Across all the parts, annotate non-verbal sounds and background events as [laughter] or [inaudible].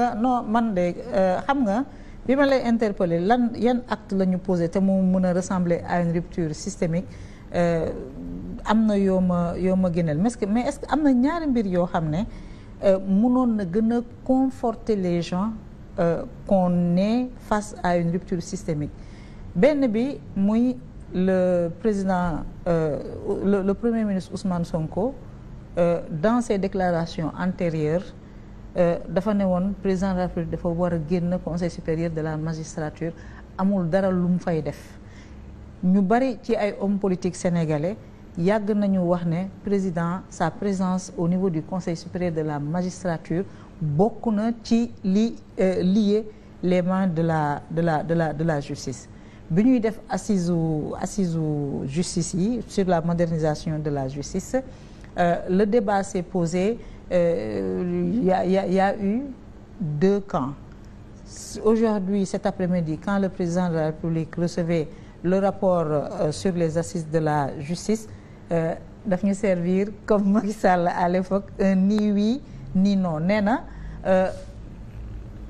Euh, non man de euh, xam nga bi ma lay interpeller lan yan acte la ñu posé te mu mun a ressembler à une rupture systémique euh, am na yoo ma yoo ma gënal mais est-ce que am na ñaari mbir yoo xam ne mënoon na gën a conforter les gens qu'on est face à une rupture systémique benn bi muy le président euh, le, le premier ministre Ousmane Sonko euh, dans ses déclarations antérieures Euh, dafa ne woon président de la dafa war a génn conseil supérieur de la magistrature amul dara lu mu fay def ñu bari ci ay hommes politiques sénégalais yàgg nañu wax ne président sa présence au niveau du conseil supérieur de la magistrature bokk na ci li euh, lié les mains de la de la de la de la justice bi ñuy def assises assises justice yi sur la modernisation de la justice euh, le débat s'est posé il euh, y a il y a il y a eu deux camps aujourd'hui cet après-midi quand le président de la République recevait le rapport euh, sur les assises de la justice euh, daf ñu servir comme Macky Sall à l'époque un ni oui ni non nee na euh,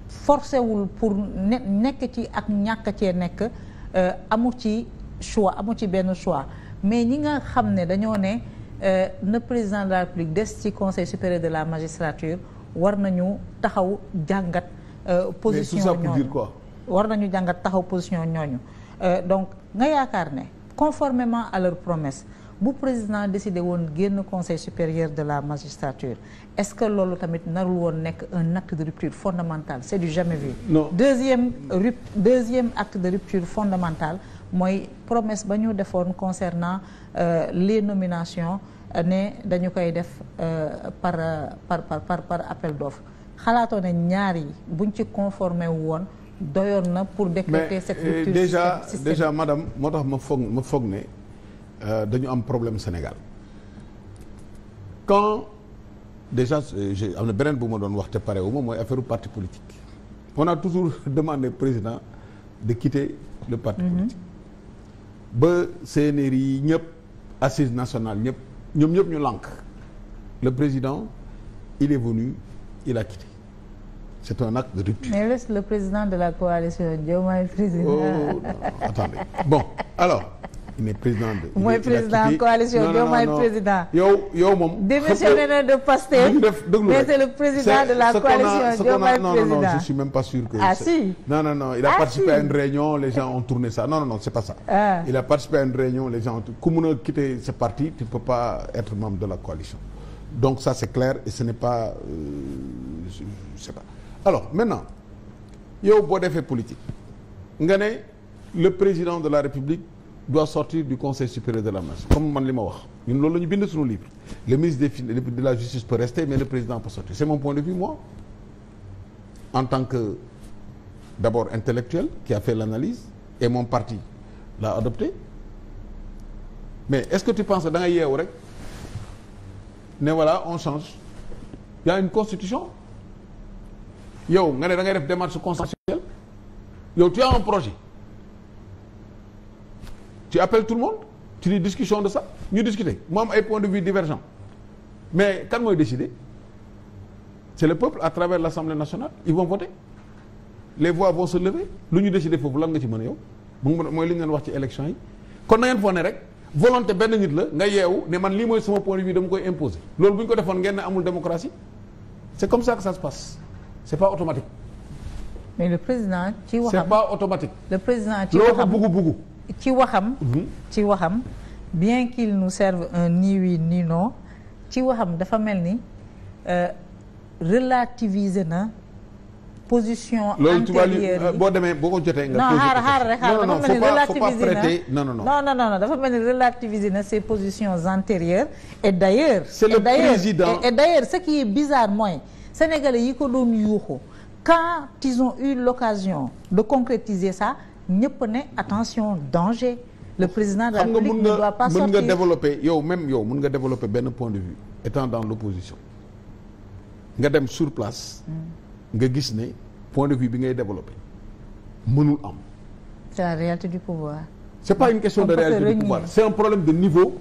forcé wul pour ne nekk ci ak ñàkk cee nekk euh, amu ci choix amu ci benn choix mais ñi nga xam ne dañoo ne na euh, président de la République des ci conseil supérieur de la magistrature war nañu taxaw jàngat. Euh, position ñooñu mais tout ça pour dire quoi. war nañu jàngat taxaw position ñooñu euh, donc nga yaakaar ne conformément à leur promesse bu président décidé woon génn conseil supérieur de la magistrature est-ce que loolu tamit naru woon nekk un acte de rupture fondamentale c'est du jamais vu. non deuxième deuxième acte de rupture fondamentale. mooy promesse ba ñu defoon concernant euh, les nominations euh, ne dañu koy def euh, par par par par appel d'offre xalaatoo ne ñaar yi buñ ci conformé wu woon doyoon na pour décréter cette rupture déjà déjà madame moo tax ma foog ma foog ne dañu am problème Sénégal quand déjà am na beneen bu ma doon wax te pare wu ma mooy affaire parti politique on a toujours [laughs] demande président de quitter le parti mhm. politique ba CNRI yi ñëpp assise nationale ñëpp ñoom ñëpp ñu lank le président il est venu il a quitté c'est un acte de rupture. le président de la coalition Diomaye président. oh attendez bon alors. il est président de. mooy président coalition Diomaye président. yow yow moom. démissionné na de Pastef. mais c'est le président de la coalition Diomaye président. non non non je suis même pas sûr que. ah si non non non il a ah, participé à une réunion les gens ont tourné ça non non non c'est pas ça. Ah. il a participé à une réunion les gens ont ku mun parti tu ne peux pas être membre de la coalition. donc ça c'est clair et ce n'est pas euh, alors maintenant yow boo defee politique nga ne le de la République. doit sortir du conseil supérieur de la magistrature comme man li ma wax ñun loolu la ñu bind suñu livre le ministre des de la justice peut rester mais le président peut sortir c'est mon point de vue moi en tant que d'abord intellectuel ki a fait l'analyse et moom parti l'a adopté mais est-ce que tu penses que da nga yeewu rek ne voilà on change il une constitution yow nga ne da ngay def démarche consensuelle yow tu as un projet ci appelles tout le monde tu dis discussion de ça ñu discuter mu am ay points de vue divergents mais kan mooy décider c'est le peuple à travers l'Assemblée nationale ils vont voter les voix vont se lever lu ñu décider foofu lan nga ci mën a yow mu ngi mooy li ñu wax ci élection yi kon na ngeen ne rek volonté benn nit la nga yeewu ne man lii mooy sama point de vue dama koy imposer loolu bu ñu ko defoon ngeen ne amul démocratie c'est comme ça que ça se passe c'est pas automatique. mais le président ci waxam c'est pas automatique. le président ci ko buggu ci waxam. Mhm. ci waxam bien qu'il nous serve un ni oui ni non ci waxam dafa mel ni euh, relativiser na. position antérieure loolu euh, boo demee boo ko jotee. nga non xaaral xaaral rek xaaral dafa mel ni relativiser na non dafa mel ni relativiser na ses position antérieures. et d'ailleurs c'est le président et d'ailleurs ce qui est bizarre mooy sénégalais yi ko doon yuuxu quand ils ont eu l'occasion de concrétiser ça. ñëpp ne attention danger. le président de la République ne doit pas sortir xam nga mën nga développer yow même yow mun nga développer benn point de vue étant dans l'opposition nga dem sur place. Hmm. nga gis ne point de vue bi ngay développer mënul am. c'est la réalité du pouvoir. c'est pas une question de réalité du pouvoir c'est un problème de niveau.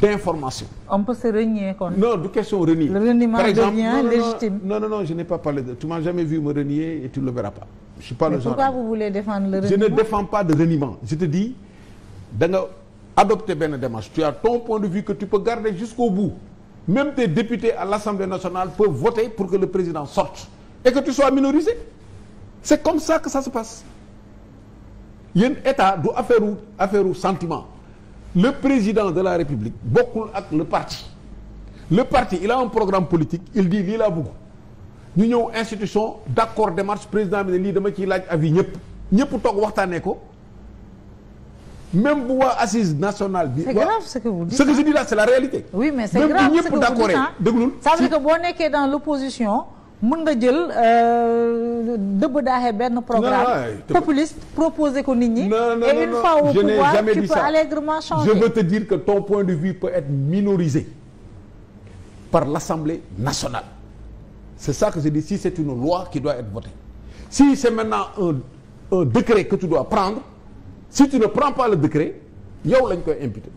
d'information. on peut se renier non du question renier. le reniement par exemple devient non, légitime. non non non je n'ai pas parlé de tu m'as jamais vu me renier et tu ne pas. je pas le genre je ne défends pas de reniement je te dis da nga adopter benn démarche tu as ton point de vue que tu peux garder jusqu'au bout même tes députés à l'Assemblée nationale peuvent voter pour que le président sorte et que tu sois minorisé c'est comme ça que ça se passe yéen état du affaire affaire sentiment. le président de la république bokkul ak le parti le parti il a un programme politique il dit lii laa bëgg ñu ñëw institution d'accord démarche président bi ne lii dama ciy laaj avis ñëpp ñëpp toog waxtaanee ko même bu waa assise nationale bi. c'est grave ce que vous dites. ce que je dis c'est la réalité. oui mais c'est grave ce que vous dites. déglul. ça veut dire que boo nekkee dans l'opposition mën nga jël euh, dëbb daaxee benn programme populiste proposer ko nit ñi. non non non et une fois au pouvoir tu peux allègrement changer. je veux te dire que ton point de vue peut être minorisé par l'Assemblée nationale. c'est ça que je dis si c'est une loi qui doit être votée si c'est maintenant un un décret que tu dois prendre si tu ne prends pas le décret yow lañ koy imputer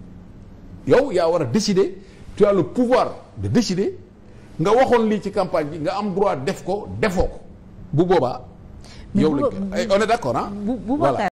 yow yaa war a décider tu as le pouvoir de décider. nga waxoon lii ci campagne bi nga am droit def ko defoo ko bu boobaa. yow lañ eh, on est d'accord ah. voilà.